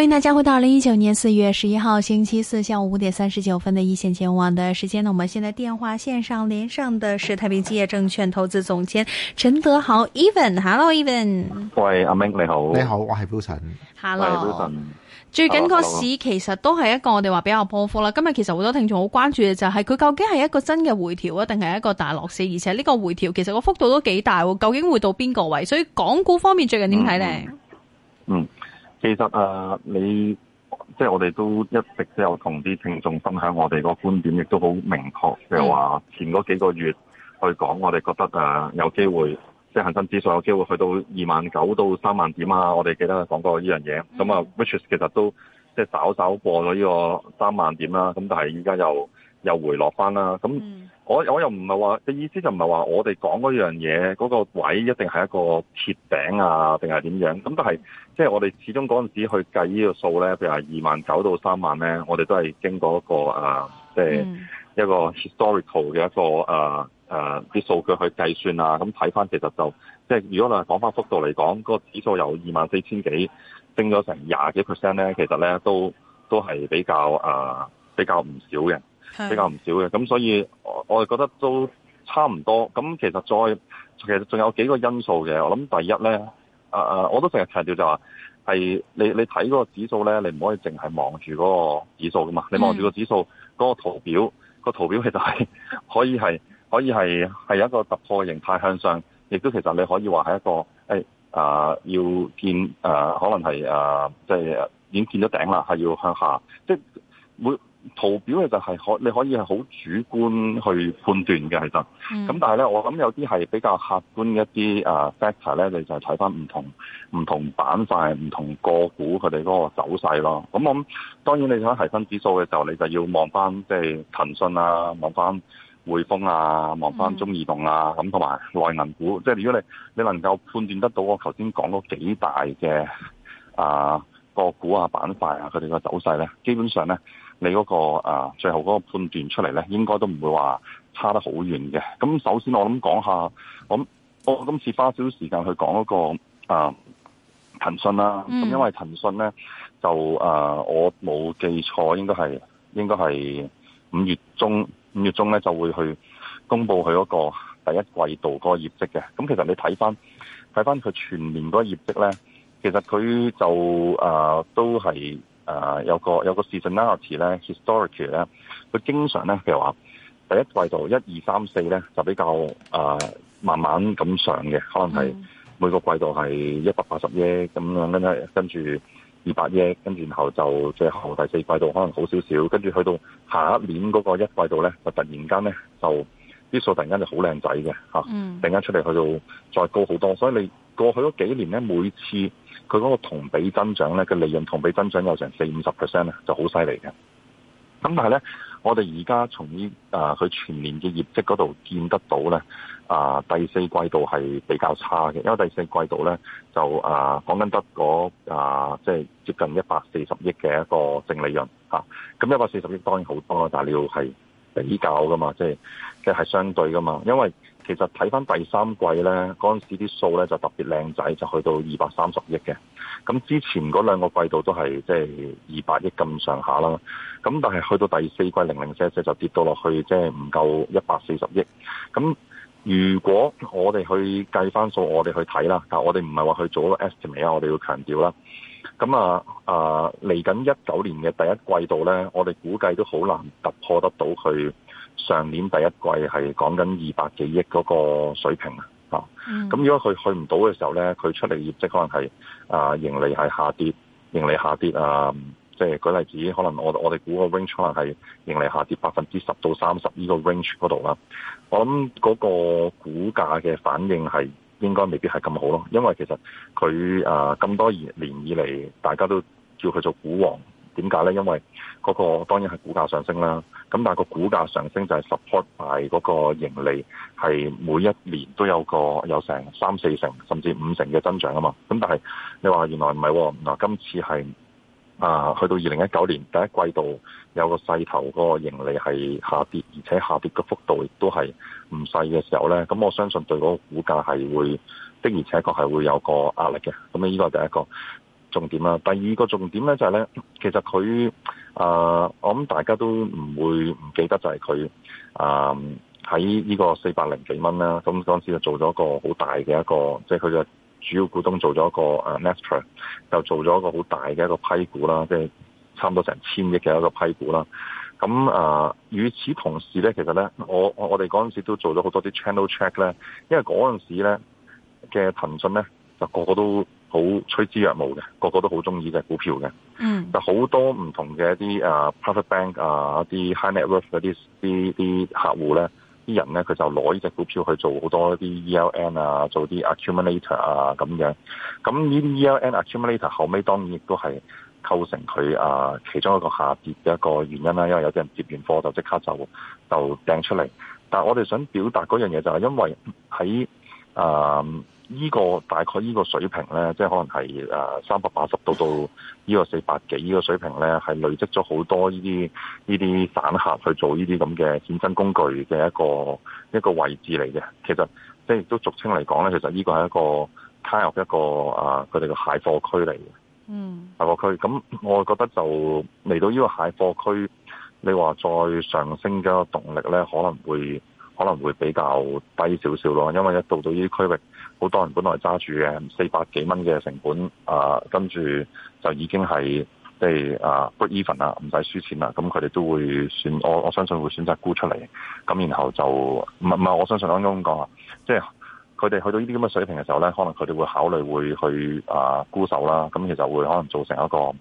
歡迎大家回到二零一九年四月十一號星期四下午五點三十九分的「一線錢網」的時間。呢，我們現在電話線上連上的是太平基業證券投資總監陳德豪、Evan。Evan，hello，Evan。喂，阿明你好，你好，我係朱晨。Hello，朱晨。最近個市其實都係一個我哋話比較波幅啦。今日其實好多聽眾好關注嘅就係佢究竟係一個真嘅回調啊，定係一個大落市？而且呢個回調其實個幅度都幾大，究竟會到邊個位？所以港股方面最近點睇呢？嗯。嗯其實啊，你即係我哋都一直都有同啲聽眾分享我哋個觀點，亦都好明確譬如話，嗯就是、說前嗰幾個月去講，我哋覺得啊有機會，即係恒生指數有機會去到二萬九到三萬點啊，我哋記得講過呢樣嘢，咁啊 which 其實都即係、就是、稍稍過咗呢個三萬點啦，啊，咁但係依家又又回落翻啦，咁我我又唔係話嘅意思就唔係話我哋講嗰樣嘢嗰個位一定係一個鐵頂啊，定係點樣？咁都係即係我哋始終嗰陣時去計呢個數咧，譬如話二萬九到三萬咧，我哋都係經過一個啊，即係一個 historical 嘅一個啊啊啲數據去計算啊，咁睇翻其實就即係如果你係講翻幅度嚟講，嗰個指數由二萬四千幾升咗成廿幾 percent 咧，其實咧都都係比較啊比較唔少嘅。比較唔少嘅，咁所以我我哋覺得都差唔多。咁其實再其實仲有幾個因素嘅。我諗第一咧，啊啊，我都成日強調就話係你你睇嗰個指數咧，你唔可以淨係望住嗰個指數噶嘛。你望住個指數嗰個圖表，個圖表其實係可以係可以係係一個突破形態向上，亦都其實你可以話係一個誒、哎、啊要見啊，可能係啊即係、即係、已經見咗頂啦，係要向下，即係每。圖表嘅就係可你可以係好主觀去判斷嘅，其實。咁但係咧，我諗有啲係比較客觀嘅一啲 factor 咧，你就係睇翻唔同唔同板塊、唔同個股佢哋嗰個走勢咯。咁我諗當然你睇下細分指數嘅時候，你就要望翻即係騰訊啊，望翻匯豐啊，望翻中移動啊，咁同埋內銀股。即係如果你你能夠判斷得到我頭先講嗰幾大嘅啊個股啊板塊啊佢哋嘅走勢咧，基本上咧。你嗰個啊，最後嗰個判斷出嚟咧，應該都唔會話差得好遠嘅。咁首先我諗講下，我今次花少少時間去講嗰個啊騰訊啦。咁因為騰訊咧，就啊我冇記錯應，應該係應該係五月中五月中咧就會去公佈佢嗰個第一季度嗰個業績嘅。咁其實你睇翻睇翻佢全年嗰個業績咧，其實佢就啊都係。啊、uh，有個有個 seasonality 咧，historical 咧，佢經常咧嘅話，譬如第一季度一二三四咧就比較啊，uh, 慢慢咁上嘅，可能係每個季度係一百八十億咁樣，跟住跟住二百億，跟住然後就最後第四季度可能好少少，跟住去到下一年嗰個一季度咧，就突然間咧就啲數突然間就好靚仔嘅嚇，突然間出嚟去到再高好多，所以你過去嗰幾年咧，每次。佢嗰個同比增長咧，個利潤同比增長有成四五十 percent 咧，就好犀利嘅。咁但係咧，我哋而家從呢啊佢全年嘅業績嗰度見得到咧，啊第四季度係比較差嘅，因為第四季度咧就啊講緊得個啊即係接近一百四十億嘅一個淨利潤。嚇，咁一百四十億當然好多啦，但係你要係比較噶嘛，即係即係相對噶嘛，因為。其實睇翻第三季呢，嗰陣時啲數呢就特別靚仔，就去到二百三十億嘅。咁之前嗰兩個季度都係即係二百億咁上下啦。咁但係去到第四季零零舍舍就跌到落去，即係唔夠一百四十億。咁如果我哋去計翻數，我哋去睇啦。但我哋唔係話去做個 estimate 啊，我哋要強調啦。咁啊嚟緊一九年嘅第一季度呢，我哋估計都好難突破得到佢。上年第一季係講緊二百幾億嗰個水平、mm. 啊，咁如果佢去唔到嘅時候咧，佢出嚟業績可能係啊盈利係下跌，盈利下跌啊！即係舉例子，可能我我哋估個 range 可能係盈利下跌百分之十到三十呢個 range 嗰度啦。我諗嗰個股價嘅反應係應該未必係咁好咯，因為其實佢啊咁多年以嚟，大家都叫佢做股王。點解呢？因為嗰個當然係股價上升啦。咁但係個股價上升就係 support 大嗰個盈利係每一年都有個有成三四成甚至五成嘅增長啊嘛。咁但係你話原來唔係嗱，今次係啊，去到二零一九年第一季度有個勢頭，個盈利係下跌，而且下跌嘅幅度亦都係唔細嘅時候呢。咁我相信對嗰個股價係會的，而且確係會有個壓力嘅。咁呢依個係第一個。重點啦、啊，第二個重點咧就係、是、咧，其實佢啊、呃，我諗大家都唔會唔記得就係佢啊喺呢個四百零幾蚊啦，咁當時就做咗一個好大嘅一個，即係佢嘅主要股東做咗一個啊 Nestra 就做咗一個好大嘅一個批股啦，即、就、係、是、差唔多成千億嘅一個批股啦。咁啊、呃，與此同時咧，其實咧，我我哋嗰陣時都做咗好多啲 channel check 咧，因為嗰陣時咧嘅騰訊咧就個個都。好趨之若鶩嘅，個個都好中意隻股票嘅。嗯、mm.，但好多唔同嘅一啲啊，private bank 啊，net worth 一啲 high network 嗰啲啲啲客戶咧，啲人咧佢就攞呢隻股票去做好多一啲 ELN 啊，做啲 accumulator 啊咁樣。咁呢啲 ELN accumulator 後尾當然亦都係構成佢啊其中一個下跌嘅一個原因啦。因為有啲人接完貨就即刻就就掟出嚟。但我哋想表達嗰樣嘢就係因為喺啊。依、這個大概依個水平咧，即係可能係誒三百八十度到依個四百幾依個水平咧，係累積咗好多呢啲呢啲散客去做呢啲咁嘅轉身工具嘅一個一個位置嚟嘅。其實即係亦都俗稱嚟講咧，其實呢個係一個卡 kind 入 of 一個誒佢哋嘅蟹貨區嚟嘅。嗯、mm.，蟹貨區。咁我覺得就嚟到呢個蟹貨區，你話再上升嘅動力咧，可能會可能會比較低少少咯，因為一到到呢啲區域。好多人本來揸住嘅四百幾蚊嘅成本，啊，跟住就已經係，即係，啊，break even 啦，唔使輸錢啦，咁佢哋都會選，我我相信會選擇沽出嚟，咁然後就唔唔係，我相信啱啱咁講啊，即係佢哋去到呢啲咁嘅水平嘅時候咧，可能佢哋會考慮會去啊沽手啦，咁其實會可能造成一個。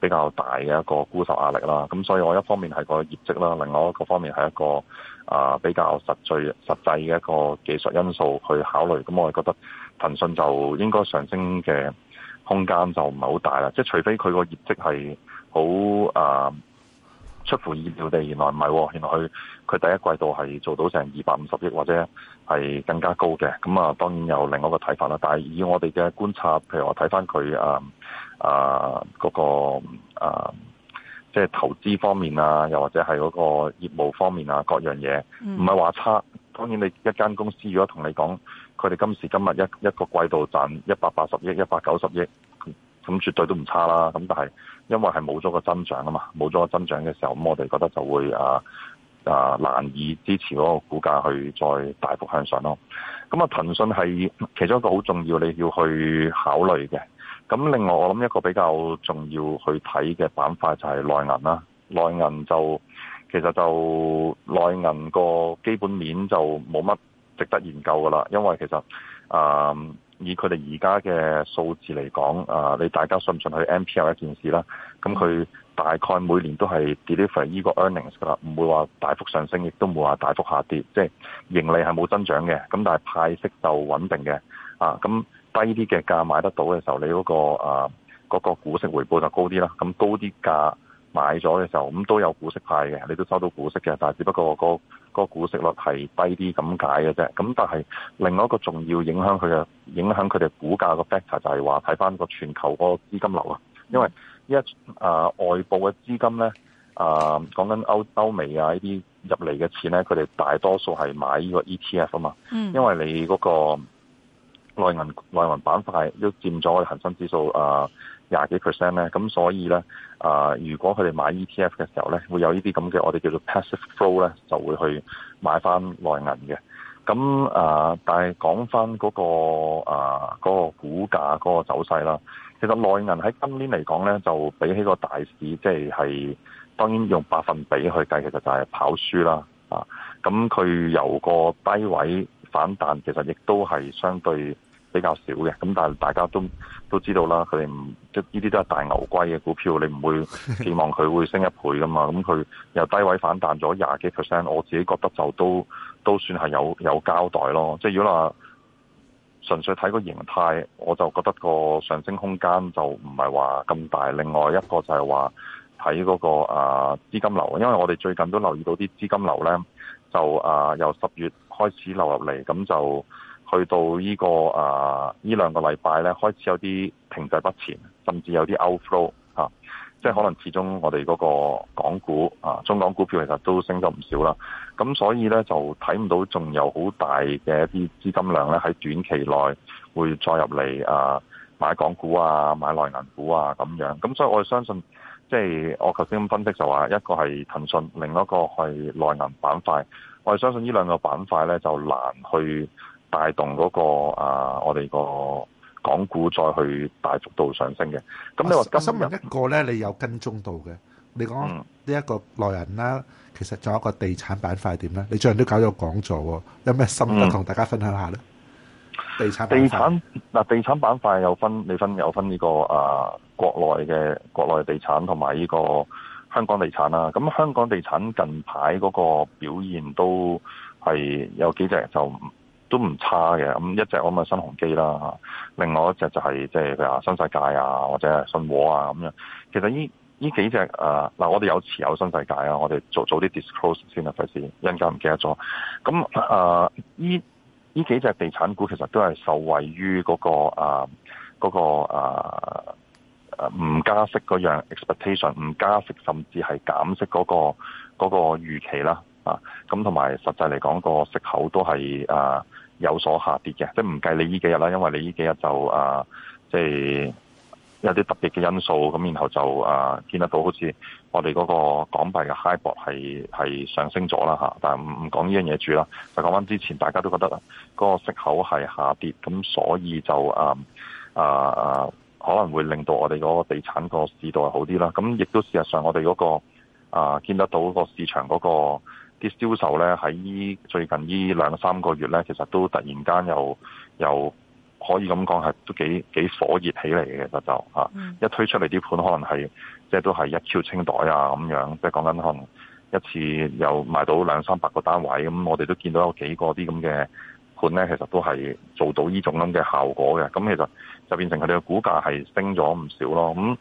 比較大嘅一個沽售壓力啦，咁所以我一方面係個業績啦，另外一個方面係一個啊比較實際實際嘅一個技術因素去考慮，咁我覺得騰訊就應該上升嘅空間就唔係好大啦，即係除非佢個業績係好啊出乎意料地，原來唔係喎，原來佢佢第一季度係做到成二百五十億或者係更加高嘅，咁啊當然有另外一個睇法啦，但係以我哋嘅觀察，譬如我睇翻佢啊。啊，嗰個啊，即係投資方面啊，又或者係嗰個業務方面啊，各樣嘢，唔係話差。當然，你一間公司如果同你講，佢哋今時今日一一個季度賺一百八十億、一百九十億，咁絕對都唔差啦。咁但係因為係冇咗個增長啊嘛，冇咗個增長嘅時候，咁我哋覺得就會啊啊難以支持嗰個股價去再大幅向上咯。咁啊，騰訊係其中一個好重要你要去考慮嘅。咁另外，我諗一個比較重要去睇嘅板塊就係內銀啦。內銀就其實就內銀個基本面就冇乜值得研究噶啦，因為其實啊，以佢哋而家嘅數字嚟講，啊，你大家信唔信佢 NPL 一件事啦？咁佢大概每年都係 deliver 依個 earnings 噶啦，唔會話大幅上升，亦都唔會話大幅下跌，即係盈利係冇增長嘅。咁但係派息就穩定嘅。啊，咁。低啲嘅價買得到嘅時候，你嗰個啊嗰個股息回報就高啲啦。咁高啲價買咗嘅時候，咁都有股息派嘅，你都收到股息嘅，但係只不過個個股息率係低啲咁解嘅啫。咁但係另外一個重要影響佢嘅影響佢哋股價個 factor 就係話睇翻個全球個資金流啊。因為呢一啊外部嘅資金咧啊講緊歐，歐美啊呢啲入嚟嘅錢咧，佢哋大多數係買呢個 ETF 啊嘛。嗯，因為你嗰個。內銀內銀板塊都佔咗我哋恆生指數啊廿幾 percent 咧，咁所以咧啊，如果佢哋買 ETF 嘅時候咧，會有呢啲咁嘅我哋叫做 passive flow 咧，就會去買翻內銀嘅。咁啊，但係講翻嗰個啊嗰個股價嗰個走勢啦，其實內銀喺今年嚟講咧，就比起個大市，即係係當然用百分比去計，其實就係跑輸啦啊。咁佢由個低位反彈，其實亦都係相對。比較少嘅，咁但係大家都都知道啦，佢哋唔即呢啲都係大牛龜嘅股票，你唔會希望佢會升一倍噶嘛。咁佢又低位反彈咗廿幾 percent，我自己覺得就都都算係有有交代咯。即係如果話純粹睇個形態，我就覺得個上升空間就唔係話咁大。另外一個就係話睇嗰個啊資金流，因為我哋最近都留意到啲資金流咧，就啊由十月開始流入嚟，咁就。去到呢個啊，呢兩個禮拜咧，開始有啲停滯不前，甚至有啲 outflow 吓，即係可能始終我哋嗰個港股啊，中港股票其實都升咗唔少啦。咁所以咧就睇唔到仲有好大嘅一啲資金量咧喺短期內會再入嚟啊，買港股啊，買內銀股啊咁樣。咁所以我哋相信，即係我頭先分析就話，一個係騰訊，另一個係內銀板塊。我係相信呢兩個板塊咧就難去，帶動嗰個啊，我哋個港股再去大幅度上升嘅。咁你話金融一個咧，你有跟蹤到嘅？你講呢一個內人啦、嗯，其實仲有一個地產板塊點咧？你最近都搞咗個講座喎，有咩心得同大家分享下咧？地產地產嗱，地產板塊有分，你分有分呢個啊，國內嘅國內地產同埋呢個香港地產啦。咁香港地產近排嗰個表現都係有幾隻就。都唔差嘅，咁一隻我咪新鴻基啦，另外一隻就係即係譬如話新世界啊，或者信和啊咁樣。其實呢呢幾隻啊嗱，我哋有持有新世界啊，我哋做早啲 disclose 先啦，費事一陣間唔記得咗。咁啊，呢呢幾隻地產股其實都係受惠於嗰個啊嗰個啊唔加息嗰樣 expectation，唔加息甚至係減息嗰個嗰個預期啦啊。咁同埋實際嚟講，個息口都係啊。有所下跌嘅，即係唔計你呢幾日啦，因為你呢幾日就啊，即、呃、係、就是、有啲特別嘅因素，咁然後就啊、呃、見得到好似我哋嗰個港幣嘅 high 博係上升咗啦嚇，但係唔講呢樣嘢住啦。就講翻之前，大家都覺得嗰個食口係下跌，咁所以就啊啊啊可能會令到我哋嗰個地產個市道係好啲啦。咁亦都事實上我們、那個，我哋嗰個啊見得到那個市場嗰、那個。啲銷售咧喺依最近呢兩三個月咧，其實都突然間又又可以咁講係都幾幾火熱起嚟嘅。其實就一推出嚟啲盤可能係即係都係一 Q 清袋啊咁樣，即係講緊可能一次又賣到兩三百個單位咁，我哋都見到有幾個啲咁嘅盤咧，其實都係做到呢種咁嘅效果嘅。咁其實就變成佢哋嘅股價係升咗唔少咯。咁咁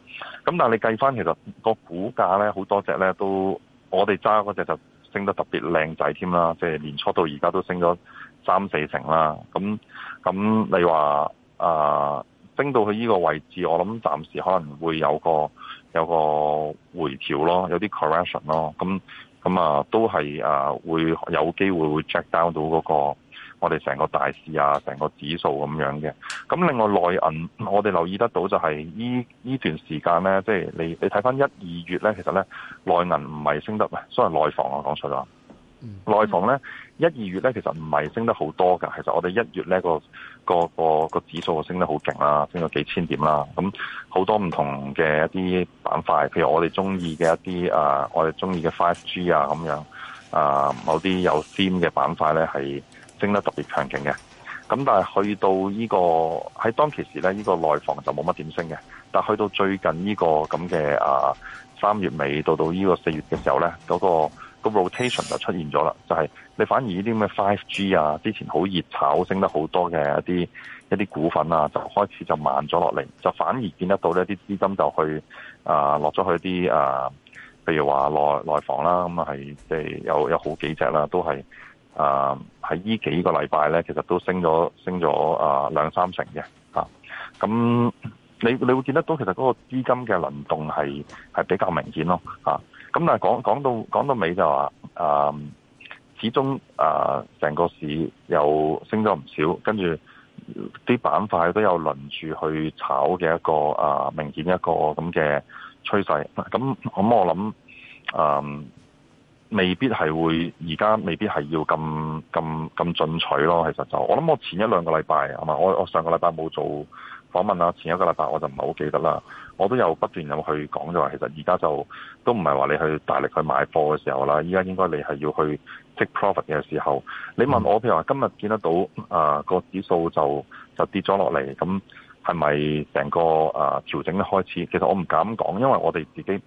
但係你計翻其實個股價咧好多隻咧都我哋揸嗰隻就。升得特別靚仔添啦，即係年初到而家都升咗三四成啦。咁咁你話啊，升到去呢個位置，我諗暫時可能會有個有個回調咯，有啲 correction 咯。咁咁啊，都係啊，會有機會會 check down 到嗰個。我哋成個大市啊，成個指數咁樣嘅。咁另外內銀，我哋留意得到就係依呢段時間呢，看看，即係你你睇翻一、二月呢，其實呢內銀唔係升得，唔係，所以內房我、啊、講出咗。內房呢一二月呢，其實唔係升得好多㗎。其實我哋一月呢個個個個指數升得好勁啦，升咗幾千點啦。咁好多唔同嘅一啲板塊，譬如我哋中意嘅一啲啊，我哋中意嘅 five G 啊，咁樣啊，某啲有 theme 嘅板塊呢係。升得特別強勁嘅，咁但係去到、呢個、呢個喺當其時咧，呢、呢個內房就冇乜點升嘅。但係去到最近呢個咁嘅啊三月尾到到呢個四月嘅時候咧，嗰、嗰個、嗰個 rotation 就出現咗啦，就係、係、你反而呢啲咩 5G 啊，之前好熱炒，升得好多嘅一啲一啲股份啊，就開始就慢咗落嚟，就反而見得到呢啲資金就去啊落咗去啲啊，譬、啊、如話內、內房啦，咁啊係即係有有好幾隻啦，都係。啊！喺呢幾個禮拜咧，其實都升咗升咗啊兩三成嘅啊！咁你你會見得到，其實嗰個資金嘅輪動係係比較明顯咯啊！咁但係講講到講到尾就話啊，始終啊成個市又升咗唔少，跟住啲板塊都有輪住去炒嘅一個啊明顯一個咁嘅趨勢。咁咁我諗啊～、嗯未必係會而家未必係要咁咁咁進取咯，其實就我諗我前一兩個禮拜係嘛，我我上個禮拜冇做訪問啦，前一個禮拜我就唔係好記得啦。我都有不斷咁去講就話，其實而家就都唔係話你去大力去買貨嘅時候啦，依家應該你係要去 take profit 嘅時候。你問我譬、嗯、如話今日見得到啊、呃那個指數就就跌咗落嚟，咁係咪成個啊、呃、調整嘅開始？其實我唔敢講，因為我哋自己。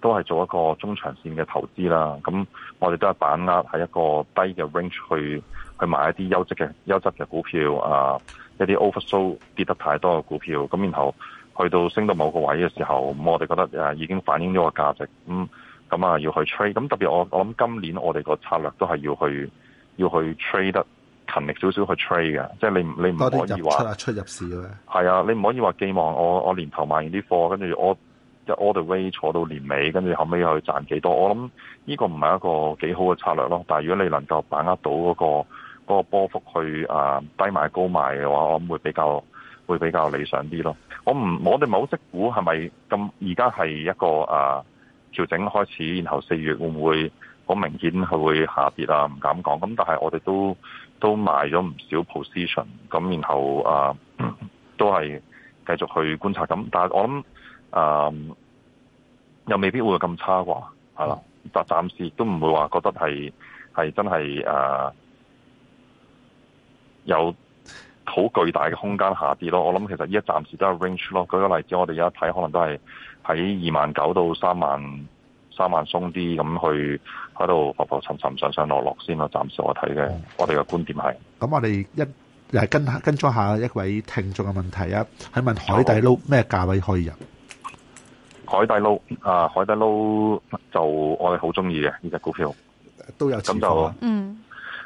都係做一個中長線嘅投資啦，咁我哋都係把握喺一個低嘅 range 去去買一啲優質嘅優質嘅股票啊，一啲 oversold 跌得太多嘅股票，咁然後去到升到某個位嘅時候，咁我哋覺得誒已經反映咗個價值，咁咁啊要去 trade，咁特別我我諗今年我哋個策略都係要去要去 trade 得勤力少少去 trade 嘅，即係你你唔可以話出，啊，出入市嘅，係啊，你唔可以話寄望我我年頭買完啲貨，跟住我。即就 order way 坐到年尾，跟住後尾又去賺幾多？我諗呢個唔係一個幾好嘅策略咯。但係如果你能夠把握到嗰個嗰個波幅去啊、呃、低買高賣嘅話，我諗會比較會比較理想啲咯。我唔我哋冇識股，係咪咁而家係一個啊調整開始，然後四月會唔會好明顯係會下跌啊？唔敢講。咁但係我哋都都買咗唔少 position，咁然後啊都係繼續去觀察。咁但係我諗。誒、嗯，又未必會咁差啩，係啦、嗯，但暫時都唔會話覺得係係真係誒、啊、有好巨大嘅空間下跌咯。我諗其實依一暫時都係 range 咯。舉個例子，我哋而家睇可能都係喺二萬九到三萬三萬鬆啲咁去喺度浮浮沉沉上上落落先咯。暫時我睇嘅、嗯，我哋嘅觀點係咁。那我哋一又係跟跟咗下一位聽眾嘅問題啊，係問海底撈咩價位可以入？海底撈啊，海底撈就我哋好中意嘅呢隻股票，都有炒啊嗯，嗯，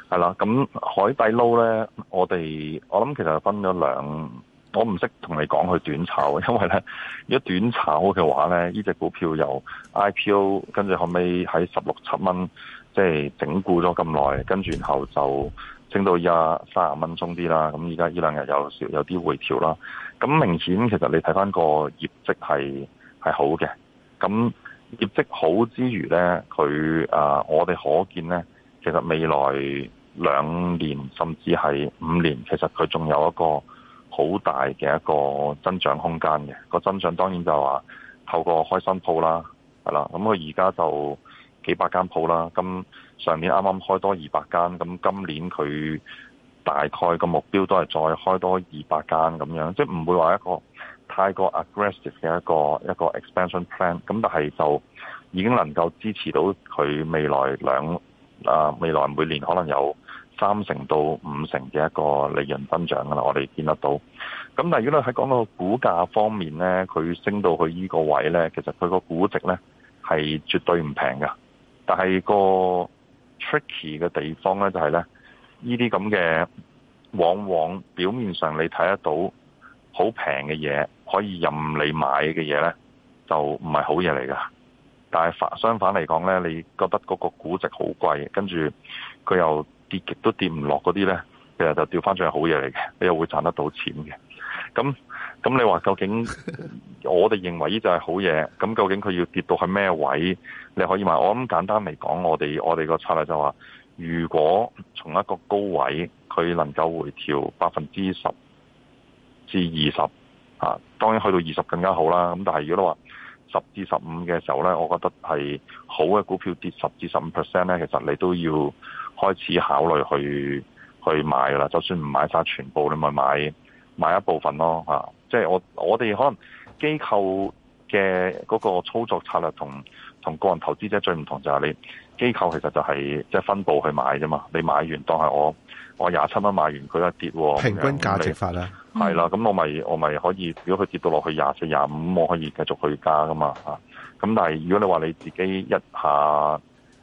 係啦。咁海底撈咧，我哋我諗其實分咗兩，我唔識同你講去短炒，因為咧，如果短炒嘅話咧，呢隻股票由 IPO 跟住後尾喺十六七蚊，即係整固咗咁耐，跟住然後就升到廿卅蚊鬆啲啦。咁而家呢兩日有少有啲回調啦，咁明顯其實你睇翻個業績係。係好嘅，咁業績好之餘呢，佢啊、呃，我哋可見呢，其實未來兩年甚至係五年，其實佢仲有一個好大嘅一個增長空間嘅。個增長當然就話透過開新鋪啦，係啦，咁佢而家就幾百間鋪啦，咁上年啱啱開多二百間，咁今年佢大概個目標都係再開多二百間咁樣，即係唔會話一個。太過 aggressive 嘅一個一個 expansion plan，咁但係就已經能夠支持到佢未來兩啊未來每年可能有三成到五成嘅一個利潤增長噶啦，我哋見得到。咁但係如果你喺講到股價方面咧，佢升到去依個位咧，其實佢個估值咧係絕對唔平噶。但係個 tricky 嘅地方呢，就係呢，依啲咁嘅往往表面上你睇得到。好平嘅嘢可以任你買嘅嘢呢，就唔係好嘢嚟㗎。但係反相反嚟講呢，你覺得嗰個估值好貴，跟住佢又跌極都跌唔落嗰啲呢，其實就掉翻轉去好嘢嚟嘅，你又會賺得到錢嘅。咁咁你話究竟我哋認為呢就係好嘢？咁究竟佢要跌到係咩位？你可以買。我諗簡單嚟講，我哋我哋個策略就話，如果從一個高位佢能夠回調百分之十，至二十啊，當然去到二十更加好啦。咁但係如果你話十至十五嘅時候呢，我覺得係好嘅股票跌十至十五 percent 呢，其實你都要開始考慮去去買噶啦。就算唔買晒全部，你咪買買一部分咯嚇。即係我我哋可能機構嘅嗰個操作策略同同個人投資者最唔同就係，你機構其實就係即係分佈去買啫嘛。你買完當係我。我廿七蚊買完佢一跌，平均價值法咧，係、嗯、啦，咁我咪我咪可以，如果佢跌到落去廿四、廿五，我可以繼續去加㗎嘛，咁但係如果你話你自己一下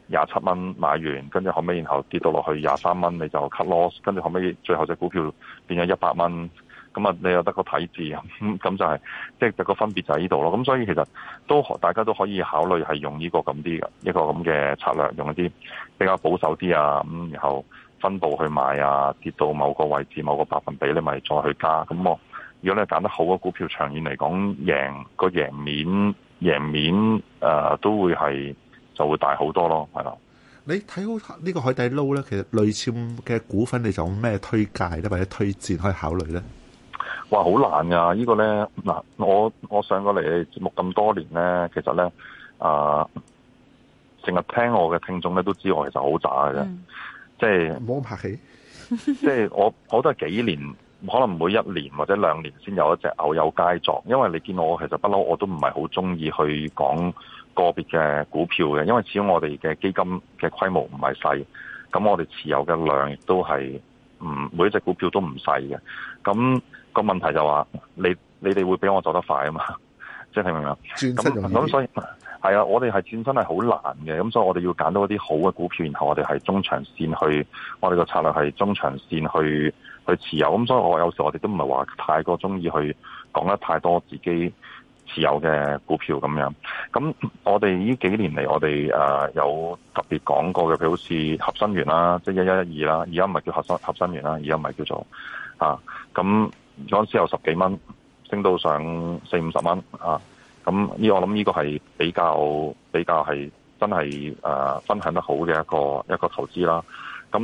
廿七蚊買完，跟住後尾然後跌到落去廿三蚊，你就 cut loss，跟住後尾最後隻股票變咗一百蚊，咁啊你又得個體字。咁、嗯就係，就係即係個分別就喺呢度咯。咁所以其實都大家都可以考慮係用呢個咁啲嘅一個咁嘅策略，用一啲比較保守啲啊咁、嗯，然後。分佈去買啊，跌到某個位置、某個百分比，你咪再去加。咁我如果你揀得好嘅股票，長遠嚟講贏、個贏面，贏面誒、呃、都會係就會大好多咯，係咯。你睇好呢個海底撈咧？其實類似嘅股份，你仲有咩推介咧，或者推薦可以考慮咧？哇！好難㗎，呢個、呢個咧嗱，我我上過嚟節目咁多年咧，其實咧啊，成、呃、日聽我嘅聽眾咧都知我其實好渣嘅。嗯即係冇拍戲，即係我我都係幾年，可能每一年或者兩年先有一隻牛有佳作。因為你見我其實不嬲，我都唔係好中意去講個別嘅股票嘅，因為始終我哋嘅基金嘅規模唔係細，咁我哋持有嘅量亦都係唔每一隻股票都唔細嘅。咁個問題就話，你你哋會比我走得快啊嘛？即係明唔明啊？咁咁所以。係啊，我哋係轉身係好難嘅，咁所以我哋要揀到一啲好嘅股票，然後我哋係中長線去，我哋個策略係中長線去去持有。咁所以我有時我哋都唔係話太過中意去講得太多自己持有嘅股票咁樣。咁我哋呢幾年嚟，我哋誒有特別講過嘅，譬如好似合生元啦，即係一一一二啦，而家唔係叫合生合生元啦，而家唔係叫做啊。咁嗰時有十幾蚊，升到上四五十蚊啊。咁呢個我諗呢個係比較比較係真係誒分享得好嘅一個一個投資啦。咁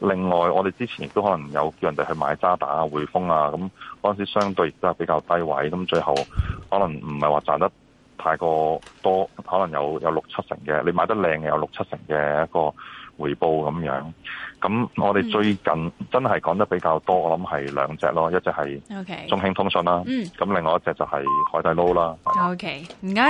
另外我哋之前亦都可能有叫人哋去買渣打啊、匯豐啊，咁嗰陣時相對都係比較低位，咁最後可能唔係話賺得太過多，可能有有六七成嘅，你買得靚嘅有六七成嘅一個。回報咁樣，咁我哋最近真係講得比較多，嗯、我諗係兩隻咯，一隻係中興通訊啦，咁、okay。嗯、另外一隻就係海底撈啦。ok，唔該。謝謝。